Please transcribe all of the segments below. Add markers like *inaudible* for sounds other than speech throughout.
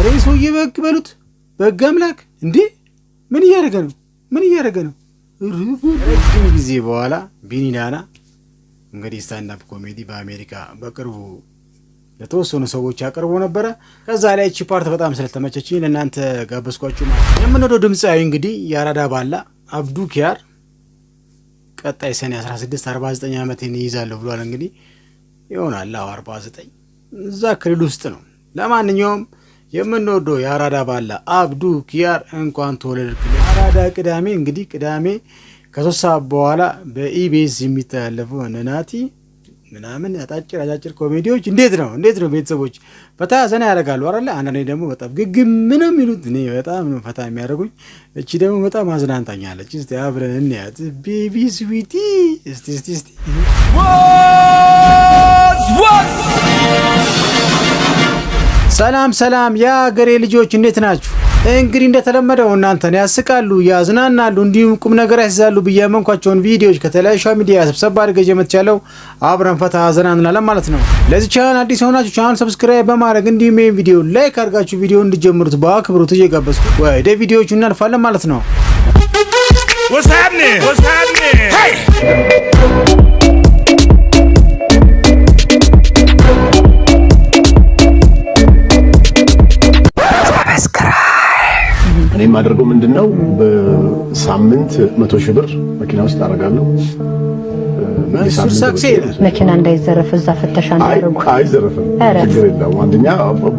ኧረ ሰውዬ በግ በሉት በግ አምላክ እንዴ! ምን እያደረገ ነው? ምን እያደረገ ነው? ረጅም ጊዜ በኋላ ቢኒ ዳና እንግዲህ ስታንዳፕ ኮሜዲ በአሜሪካ በቅርቡ ለተወሰኑ ሰዎች አቅርቦ ነበረ። ከዛ ላይ ቺ ፓርት በጣም ስለተመቸች ለእናንተ ጋበዝኳችሁ። ማለት የምንወደው ድምፃዊ እንግዲህ የአራዳ ባላ አብዱ ኪያር ቀጣይ ሰኔ 16 49 ዓመቴን ይይዛለሁ ብሏል። እንግዲህ ይሆናል 49 እዛ ክልል ውስጥ ነው። ለማንኛውም የምንወደው የአራዳ ባላ አብዱ ኪያር እንኳን ተወለድክ። የአራዳ ቅዳሜ እንግዲህ ቅዳሜ ከሶስት ሰዓት በኋላ በኢቢኤስ የሚተላለፈው ነናቲ ምናምን አጫጭር አጫጭር ኮሜዲዎች እንዴት ነው እንዴት ነው ቤተሰቦች ፈታ ዘና ያደርጋሉ አለ። አንዳንዴ ደግሞ በጣም ግግ ምንም ይሉት እኔ በጣም ነው ፈታ የሚያደርጉኝ። እቺ ደግሞ በጣም አዝናንታኛለች። እስቲ አብረን እንያት። ቤቢ ስዊቲ እስቲ እስቲ እስቲ ሰላም ሰላም የአገሬ ልጆች እንዴት ናችሁ? እንግዲህ እንደተለመደው እናንተን ያስቃሉ፣ ያዝናናሉ እንዲሁም ቁም ነገር ያስይዛሉ ብዬ ያመንኳቸውን ቪዲዮዎች ከተለያዩ ሻ ሚዲያ ስብሰባ አድርገ የመትቻለው አብረን ፈታ ዘናንናለን ማለት ነው። ለዚህ ቻናል አዲስ የሆናችሁ ቻናል ሰብስክራይብ በማድረግ እንዲሁም ይህን ቪዲዮ ላይክ አድርጋችሁ ቪዲዮ እንድጀምሩት በአክብሮት እየጋበዝኩ ወደ ቪዲዮዎቹ እናልፋለን ማለት ነው። What's What's happening? happening? Hey! እኔ የማደርገው ምንድነው በሳምንት መቶ ሺህ ብር መኪና ውስጥ አደርጋለሁ። መኪና እንዳይዘረፍ እዛ ፍተሻ እንዳደረጉ አይዘረፍም፣ ችግር የለውም። አንደኛ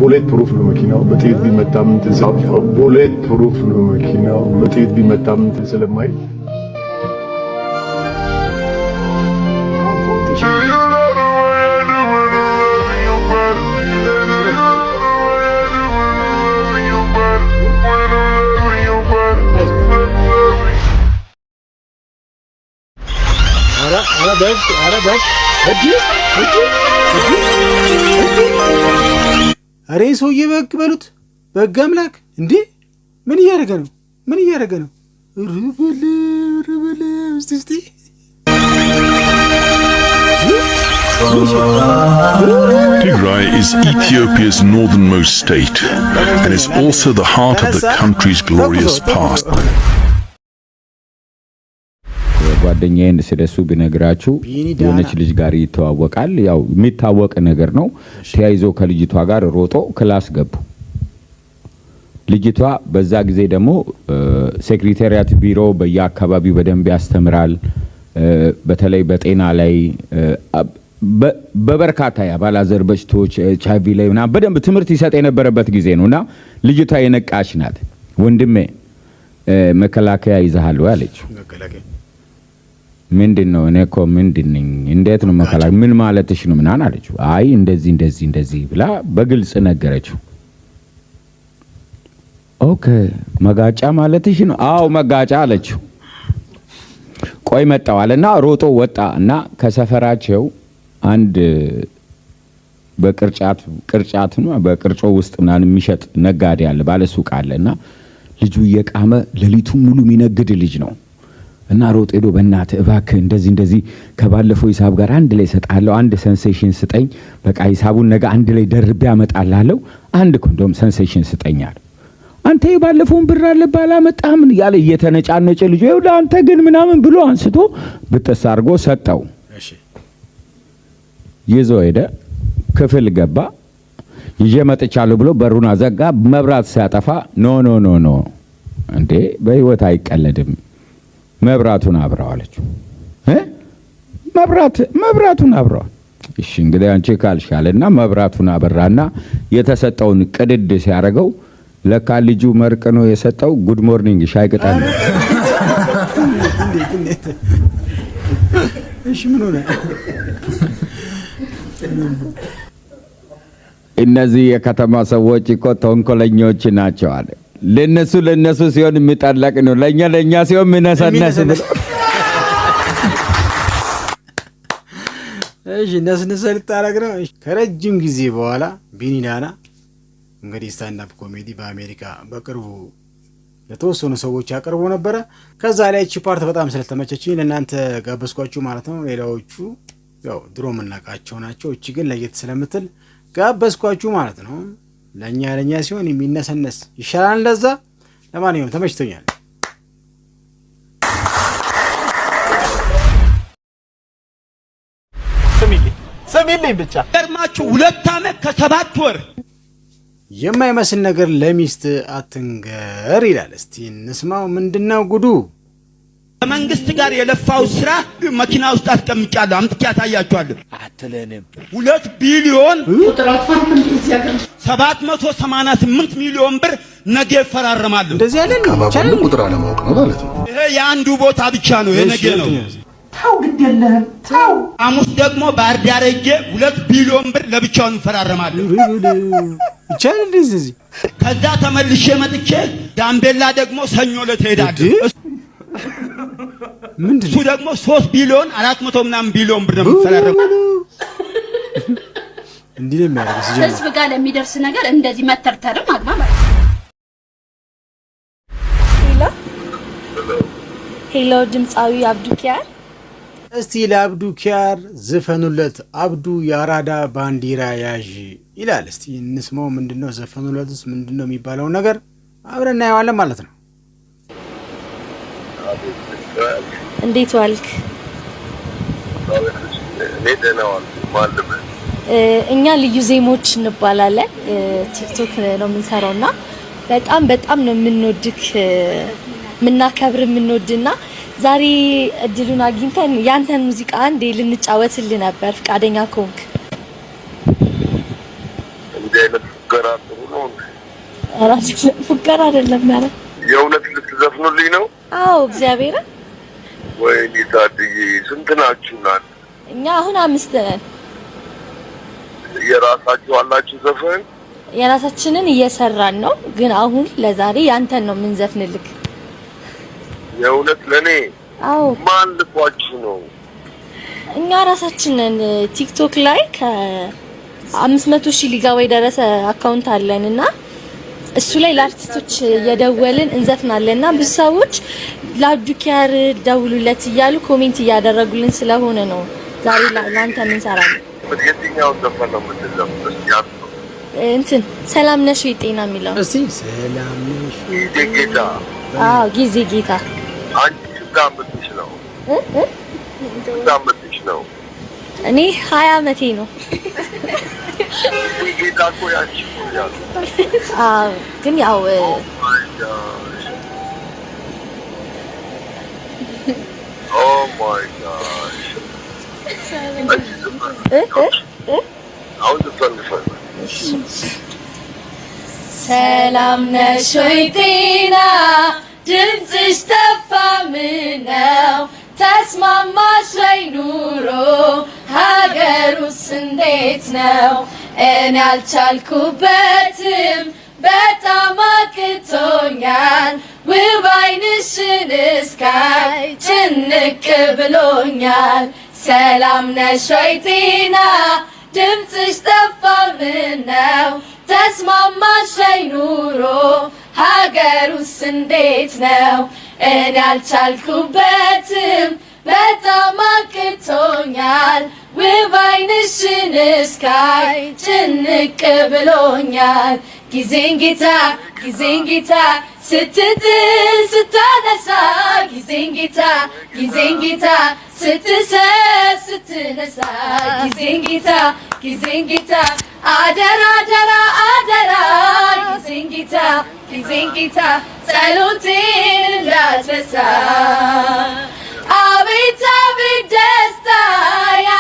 ቡሌት ፕሩፍ ነው መኪናው፣ በጥይት ፕሩፍ ነው መኪናው፣ ቢመታ ምንትን ስለማይል በግ አረ በግ እጅ እጅ አረ ሰውዬ በግ በሉት በግ አምላክ እንዴ! ምን እያደረገ ነው? ምን እያደረገ ነው? ርበለ ርበለ እስቲ እስቲ Tigray is Ethiopia's northernmost state and is also the heart of the country's glorious past. ጓደኛዬን ስለሱ ቢነግራችሁ የሆነች ልጅ ጋር ይተዋወቃል። ያው የሚታወቅ ነገር ነው። ተያይዞ ከልጅቷ ጋር ሮጦ ክላስ ገቡ። ልጅቷ በዛ ጊዜ ደግሞ ሴክሬታሪያት ቢሮ በየአካባቢው በደንብ ያስተምራል። በተለይ በጤና ላይ በበርካታ የአባላዘር በሽታዎች ኤች አይ ቪ ላይ ምናምን በደንብ ትምህርት ይሰጥ የነበረበት ጊዜ ነው እና ልጅቷ የነቃች ናት። ወንድሜ መከላከያ ይዛሃል አለችው። ምንድን ነው? እኔ እኮ ምንድን እንዴት ነው መከላ ምን ማለትሽ ነው ምናምን አለችው። አይ እንደዚህ እንደዚህ እንደዚህ ብላ በግልጽ ነገረችው። ኦኬ መጋጫ ማለትሽ ነው? አዎ መጋጫ አለችው። ቆይ መጣዋልና ሮጦ ወጣ እና ከሰፈራቸው አንድ በቅርጫት ቅርጫት ነው በቅርጮ ውስጥ ምናምን የሚሸጥ ነጋዴ አለ፣ ባለሱቅ አለ እና ልጁ እየቃመ ሌሊቱ ሙሉ የሚነግድ ልጅ ነው እና ሮጥ ሄዶ በእናትህ እባክህ እንደዚህ እንደዚህ ከባለፈው ሂሳብ ጋር አንድ ላይ ሰጣለሁ፣ አንድ ሰንሴሽን ስጠኝ፣ በቃ ሂሳቡን ነገ አንድ ላይ ደርቤ አመጣላለሁ፣ አንድ ኮንዶም ሰንሴሽን ስጠኝ አለ። አንተ የባለፈውን ብር አለብህ አላመጣህም ያለ እየተነጫነጨ ልጁ ይኸውልህ አንተ ግን ምናምን ብሎ አንስቶ ብጥስ አድርጎ ሰጠው። ይዞ ሄደ፣ ክፍል ገባ። ይዤ መጥቻለሁ ብሎ በሩን አዘጋ። መብራት ሲያጠፋ ኖ ኖ ኖ ኖ፣ እንዴ በህይወት አይቀለድም መብራቱን አብራው አለችው። መብራት መብራቱን አብረዋል እሺ እንግዲህ አንቺ ካልሻለና መብራቱን አበራና የተሰጠውን ቅድድ ሲያደርገው ለካ ልጁ መርቅ ነው የሰጠው። ጉድ ሞርኒንግ ሻይ ቅጠል ነው። እነዚህ የከተማ ሰዎች እኮ ተንኮለኞች ናቸው አለ ለነሱ ለነሱ ሲሆን የሚጣላቅ ነው፣ ለእኛ ለእኛ ሲሆን ምነሰነስ ብሎ እሺ ነስንሰ ልታረግ ነው። ከረጅም ጊዜ በኋላ ቢኒ እንግዲህ ስታንዳፕ ኮሜዲ በአሜሪካ በቅርቡ ለተወሰኑ ሰዎች አቅርቦ ነበረ። ከዛ ላይ እቺ ፓርት በጣም ስለተመቸችኝ ለእናንተ ጋበዝኳችሁ ማለት ነው። ሌላዎቹ ያው ድሮ የምናውቃቸው ናቸው። እቺ ግን ለየት ስለምትል ጋበዝኳችሁ ማለት ነው። ለእኛ ለእኛ ሲሆን የሚነሰነስ ይሻላል። እንደዛ ለማንኛውም ተመችቶኛል። ስሚልኝ ብቻ ገርማችሁ ሁለት ዓመት ከሰባት ወር የማይመስል ነገር ለሚስት አትንገር ይላል። እስቲ እንስማው፣ ምንድነው ጉዱ? ከመንግስት ጋር የለፋው ስራ መኪና ውስጥ አስቀምጫለሁ። አምጥቼ አሳያችኋለሁ። አትለንም። ሁለት ቢሊዮን ሰባት መቶ ሰማንያ ስምንት ሚሊዮን ብር ነገ ይፈራረማለሁ። እንደዚህ ያለ ነው። ቁጥር አለማወቅ ነው ማለት ነው። ይሄ የአንዱ ቦታ ብቻ ነው። የነገ ነው። ተው ግድ የለህም ተው። ሐሙስ ደግሞ ባህር ዳር ሄጄ ሁለት ቢሊዮን ብር ለብቻውን ይቻል እንፈራረማለሁ። ከዛ ተመልሼ መጥቼ ዳምቤላ ደግሞ ሰኞ ዕለት እሄዳለሁ። እሱ ደግሞ ሶስት ቢሊዮን አራት መቶ ምናምን ቢሊዮን ብር ነው ህዝብ ጋር ለሚደርስ ነገር እንደዚህ መተርተርም አግባ ማለት ነው። ሄሎ ድምፃዊ አብዱ ኪያር፣ እስቲ ለአብዱ ኪያር ዝፈኑለት። አብዱ የአራዳ ባንዲራ ያዥ ይላል። እስቲ እንስማው። ምንድነው ዘፈኑለትስ ምንድነው የሚባለው ነገር አብረን እናየዋለን ማለት ነው። እንዴት ዋልክ? እኛ ልዩ ዜሞች እንባላለን። ቲክቶክ ነው የምንሰራው እና በጣም በጣም ነው የምንወድክ የምናከብር የምንወድና ዛሬ እድሉን አግኝተን ያንተን ሙዚቃ አንዴ ልንጫወትል ነበር ፈቃደኛ ከሆንክ። ፉገራ አይደለም ያለ የእውነት ልትዘፍኑልኝ ነው? አዎ እግዚአብሔርን ወይኔ ታድዬ ስንት ናችሁ? እኛ አሁን አምስት ነን። የራሳችሁ አላችሁ ዘፈን? የራሳችንን እየሰራን ነው፣ ግን አሁን ለዛሬ ያንተን ነው የምንዘፍንልክ። የእውነት ለኔ? አዎ። ማን ልኳችሁ ነው? እኛ ራሳችንን ቲክቶክ ላይ ከአምስት መቶ ሺህ ወይ ደረሰ አካውንት አለንና እሱ ላይ ለአርቲስቶች የደወልን እንዘፍናለን እና ብዙ ሰዎች ለአዱኪያር ደውሉለት እያሉ ኮሜንት እያደረጉልን ስለሆነ ነው ዛሬ ለአንተ እንሰራለን። እንትን ሰላም ነሽ ጤና የሚለው እስኪ ሰላም ነሽ ጌታ። አዎ ጊዜ ጌታ እኔ ሀያ አመቴ ነው። *laughs* 你给他过下欺负一下子。啊，跟你啊喂。Oh my gosh！哎，哎哎哎！ሰላም ነሽ ወይ ጤና ድምፅሽ ጠፋ ምነው ተስማማች ላይ ኑሮ ሀገሩስ እንዴት ነው? እኔ አልቻልኩበትም በጣም አቅቶኛል። ውብ ዓይንሽን እስካይ ጭንቅ ብሎኛል። ሰላም ነሽ ወይ ጤና ድምፅሽ ጠፋ ምነው ተስማማሽ ላይ ኑሮ ሀገሩስ እንዴት ነው እኔ አልቻልኩበትም በጣማቅቶኛል ውብ ዓይንሽን እስካይ ጭንቅ ብሎኛል ጊዜን ጌታ ጊዜን ጌታ ስትጥል ስታነሳ ጊዜን ጌታ ጊዜን ጌታ ስትሰጥ ስትነሳ ጊዜን ጌታ ጊዜን ጌታ አደራ አደራ አደራ ጊዜን ጌታ ጊዜን ጌታ ጸሎቴን እንዳትረሳ Sabi, sabi, desire.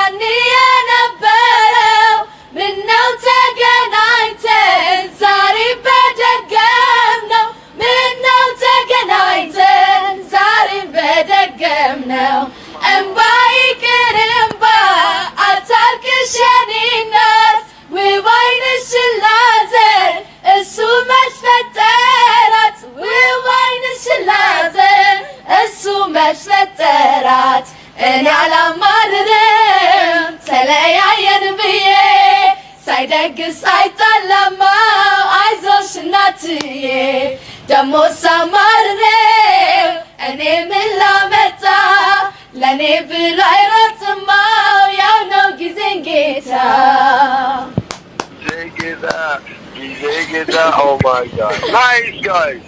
DJ ኦ ማይ ጋድ ናይስ ጋይስ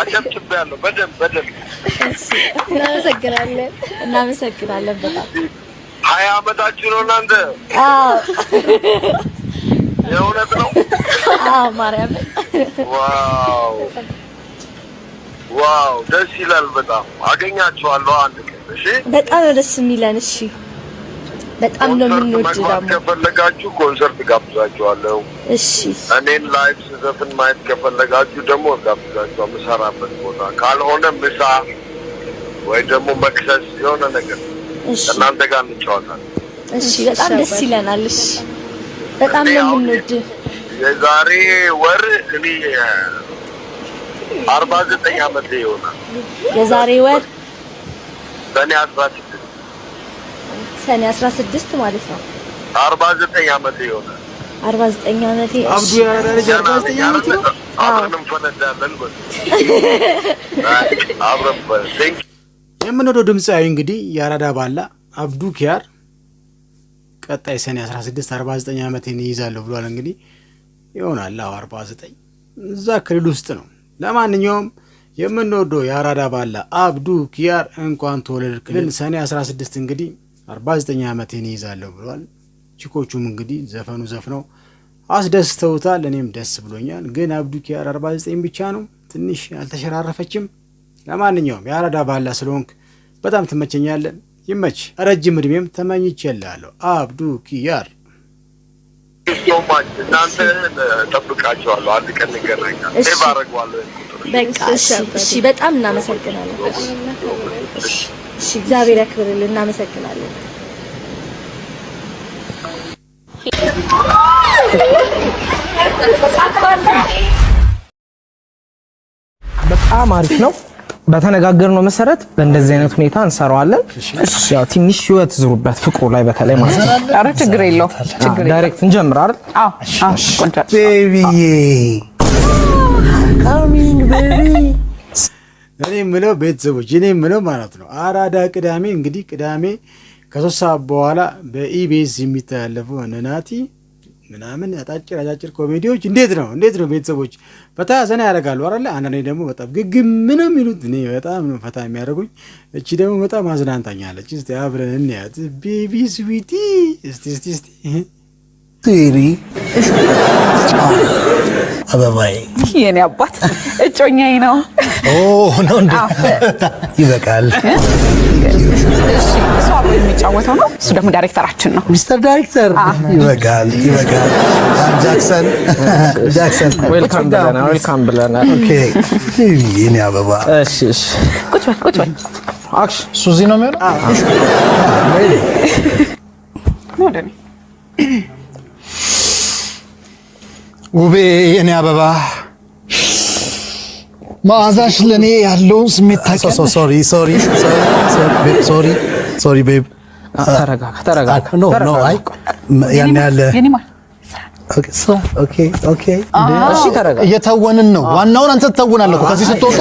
አጨብጭቤያለሁ። በደንብ በደንብ እናመሰግናለን፣ እናመሰግናለን በጣም ሀያ አመታችሁ ነው እናንተ። የእውነት ነው። አዎ ማርያም። ዋው ዋው፣ ደስ ይላል በጣም አገኛችኋለሁ አንድ ቀን። እሺ፣ በጣም ደስ የሚለን። እሺ በጣም ነው የምንወድ። ከፈለጋችሁ ኮንሰርት ጋብዛችኋለሁ። እሺ እኔን ላይቭ ስዘፍን ማየት ከፈለጋችሁ ደግሞ ጋብዛችሁ ምሰራበት ቦታ ካልሆነ ምሳ ወይ ደግሞ መክሰስ የሆነ ነገር እናንተ ጋር እንጫወታለን። እሺ በጣም ደስ ይለናል። እሺ በጣም ነው የምንወድ። የዛሬ ወር እኔ አርባ ዘጠኝ አመት ይሆናል። የዛሬ ወር በእኔ አስራ ሰኔ 16 ማለት ነው። 49 አመት ይሆነ 49 አመት አብዱ ያረዳ ልጅ 49 ዓመት ነው። አብረን ፈነዳለን የምንወደው ድምፃዊ እንግዲህ ያራዳ ባላ አብዱ ኪያር ቀጣይ ሰኔ 16 49 ዓመቴን ይይዛለሁ ብሏል። እንግዲህ ይሆናል 49 እዛ ክልል ውስጥ ነው። ለማንኛውም የምንወደው የአራዳ ባላ አብዱ ኪያር እንኳን ተወለድክልን። ሰኔ 16 እንግዲህ 49 ዓመቴን ይዛለሁ ብሏል። ቺኮቹም እንግዲህ ዘፈኑ ዘፍነው አስደስተውታል። እኔም ደስ ብሎኛል። ግን አብዱ ኪያር 49 ብቻ ነው፣ ትንሽ አልተሸራረፈችም። ለማንኛውም የአራዳ ባላ ስለሆንክ በጣም ትመቸኛለን። ይመች ረጅም እድሜም ተመኝቼልሃለሁ አብዱ ኪያር። ሶማች እናንተ ጠብቃቸዋለሁ። አንድ ቀን እንገናኛለን። እሺ፣ በጣም እናመሰግናለን። እሺ፣ እግዚአብሔር ያክብርልን። እናመሰግናለን። በጣም አሪፍ ነው። በተነጋገርነው መሰረት በእንደዚህ አይነት ሁኔታ እንሰራዋለን። እሺ ያው ትንሽ ህይወት ዝሩበት ፍቅሩ ላይ በተለይ ማለት ነው። አረ ችግር የለው ችግር ዳይሬክት እንጀምር አይደል? አዎ አዎ። ቤቢዬ ካሚንግ ቤቢ። እኔ የምለው ቤተሰቦች፣ እኔ የምለው ማለት ነው አራዳ ቅዳሜ እንግዲህ ቅዳሜ ከሶስት ሰዓት በኋላ በኢቢኤስ የሚተላለፈው ነናቲ ምናምን አጫጭር አጫጭር ኮሜዲዎች እንዴት ነው እንዴት ነው ቤተሰቦች ፈታ ዘና ያደርጋሉ አይደለ? አንዳንዴ ደግሞ በጣም ግግም ምንም ይሉት እኔ በጣም ነው ፈታ የሚያደርጉኝ። እቺ ደግሞ በጣም አዝናንታኛለች። እስቲ አብረን እንያት። ቤቢ ስዊቲ እስቲ እስቲ እስቲ አበባዬ የኔ አባት እጮኛዬ ነው። ነው ይበቃል። እሱ አብሮ የሚጫወተው ነው። እሱ ደግሞ ዳይሬክተራችን ነው። ሚስተር ዳይሬክተር ይበቃል፣ ይበቃል። ጃክሰን ጃክሰን ዌልካም ብለናል። ኦኬ የኔ አበባ እሺ፣ እሺ፣ ቁጭ በል፣ ቁጭ በል። አክሽን ሱዚ ነው የሚሆነው ውቤ የኔ አበባ መዓዛሽ ለእኔ ያለውን ስሜት ታውቂያለሽ። እየተወንን ነው። ዋናውን አንተ ትተውናለህ። ከዚህ ስትወጡ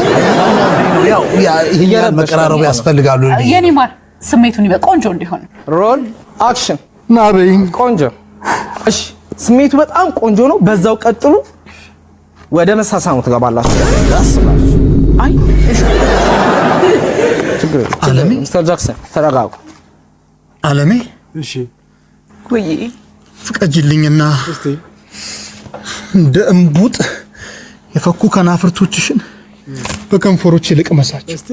መቀራረቡ ያስፈልጋሉ። የኔ ማር ስሜቱን ቆንጆ እንዲሆን ሮል አክሽን ቆንጆ እሺ ስሜቱ በጣም ቆንጆ ነው። በዛው ቀጥሉ፣ ወደ መሳሳሙ ትገባላችሁ። አይ አለሜ፣ ሚስተር ጃክሰን ተረጋጉ። አለሜ፣ እሺ ቆይ ፍቀጅልኝና እንደ እምቡጥ የፈኩ ከናፍርቶችሽን በከንፈሮች ይልቅ መሳጭ እስቲ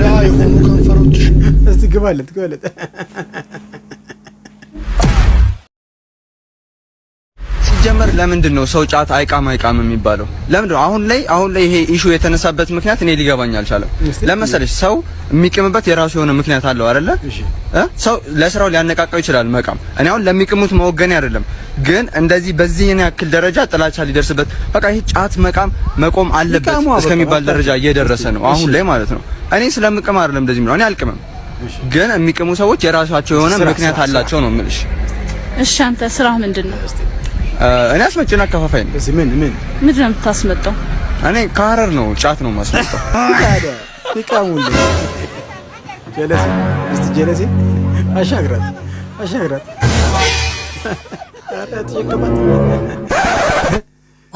የሆኑ ከንፈሮች። እስቲ ግባለት ግባለት። ሲጀመር ለምንድን ነው ሰው ጫት አይቃም አይቃም የሚባለው? ለምንድን ነው አሁን ላይ አሁን ላይ ይሄ ኢሹ የተነሳበት ምክንያት እኔ ሊገባኝ አልቻለም። ለመሰለሽ ሰው የሚቅምበት የራሱ የሆነ ምክንያት አለው አይደለ? ሰው ለስራው ሊያነቃቃው ይችላል መቃም። እኔ አሁን ለሚቅሙት መወገን አይደለም፣ ግን እንደዚህ በዚህ ያክል ደረጃ ጥላቻ ሊደርስበት በቃ ይሄ ጫት መቃም መቆም አለበት እስከሚባል ደረጃ እየደረሰ ነው አሁን ላይ ማለት ነው። እኔ ስለምቅም አይደለም እንደዚህ ነው። እኔ አልቅምም፣ ግን የሚቅሙ ሰዎች የራሳቸው የሆነ ምክንያት አላቸው ነው የምልሽ። እሺ፣ አንተ ስራህ ምንድን ነው? እኔ አስመጪና አከፋፋይ ነው። ምን ምን ምንድን ነው የምታስመጣው? እኔ ከሀረር ነው ጫት ነው የማስመጣው። *laughs* ታዲያ ይቀሙልኝ። ጀለሴ እስቲ ጀለሴ አሻግራት አሻግራት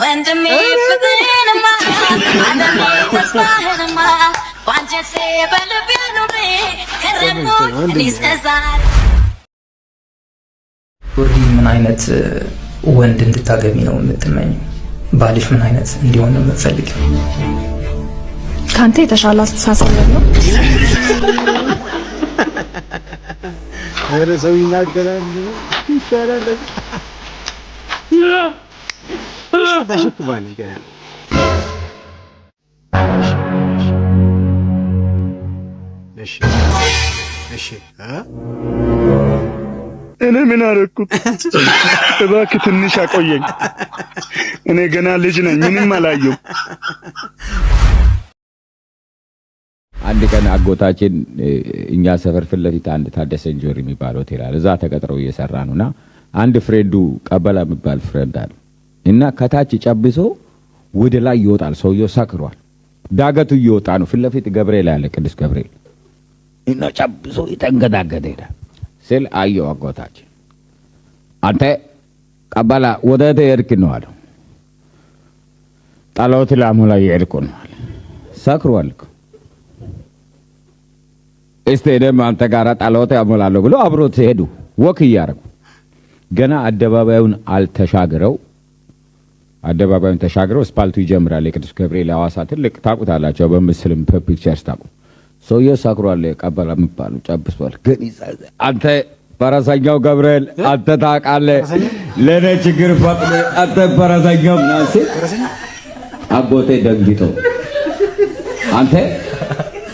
ወንድሜ ወዲህ ምን አይነት ወንድ እንድታገቢ ነው የምትመኘው? ባልሽ ምን አይነት እንዲሆን ነው የምትፈልጊው? ከአንተ የተሻለ አስተሳሰብ ነው። ኧረ ሰው ይናገራል ይሻላል እሺ እሺ እኔ ምን አደረኩት? እባክህ ትንሽ አቆየኝ። እኔ ገና ልጅ ነኝ፣ ምንም አላየሁም። አንድ ቀን አጎታችን እኛ ሰፈር ፊት ለፊት አንድ ታደሰ እንጆሪ የሚባል ሆቴል አለ። እዛ ተቀጥረው እየሰራ ነው ነውና አንድ ፍሬንዱ ቀበላ የሚባል ፍሬንድ አለ እና ከታች ጨብሶ ወደ ላይ ይወጣል። ሰውየው ሰክሯል። ዳገቱ እየወጣ ነው። ፊት ለፊት ገብርኤል አለ፣ ቅዱስ ገብርኤል እና ጨብሶ ይጠንገዳገደ ይላል ስል አየሁ። አጎታችን አንተ ቀበላ ወደት የሄድክ ነው አለው። ጣላውት ላሙ ላይ የሄድኩ ነው አለ። ሰክሯል እኮ እስቲ እኔም አንተ ጋር ጣላውት ያሞላለሁ ብሎ አብሮት ሄዱ። ወክ እያደረጉ ገና አደባባዩን አልተሻግረው አደባባዩን ተሻግረው እስፓልቱ ይጀምራል። የቅዱስ ገብርኤል አዋሳ ትልቅ ታቁታላቸው። በምስልም ፒክቸርስ ታቁ ሰውዬ ሳክሯል ቀበላ የሚባሉ ጨብሷል። ግን አንተ በረሰኛው ገብርኤል አንተ ታውቃለህ፣ ለእኔ ችግር ፈጥነ አንተ በረሰኛው ናሲ አጎቴ ደንግጦ አንተ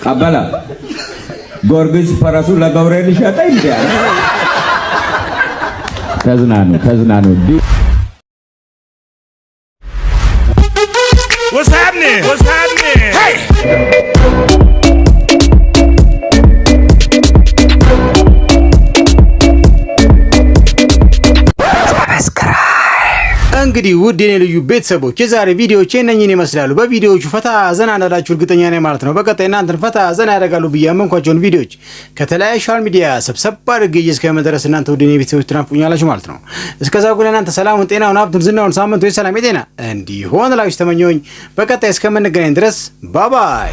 ቀበላ ጎርጊስ ፈረሱ ለገብርኤል ሸጠ። እንዲያ ተዝናኑ፣ ተዝናኑ። እንግዲህ ውድ የኔ ልዩ ቤተሰቦች የዛሬ ቪዲዮዎች የነኝን ይመስላሉ። በቪዲዮዎቹ ፈታ ዘና እንዳላችሁ እርግጠኛ ነኝ ማለት ነው። በቀጣይ እናንተን ፈታ ዘና ያደርጋሉ ብዬ አመንኳቸውን ቪዲዮዎች ከተለያዩ ሶሻል ሚዲያ ሰብሰብ አድርጌ እስከመድረስ እናንተ ውድ የኔ ቤተሰቦች ትናፍቁኛላችሁ ማለት ነው። እስከዛ ጉ እናንተ ሰላሙን፣ ጤናውን፣ ሀብቱን፣ ዝናውን ሳምንቱ ወይ ሰላም የጤና እንዲሆን ላችሁ ተመኘሁኝ። በቀጣይ እስከምንገናኝ ድረስ ባባይ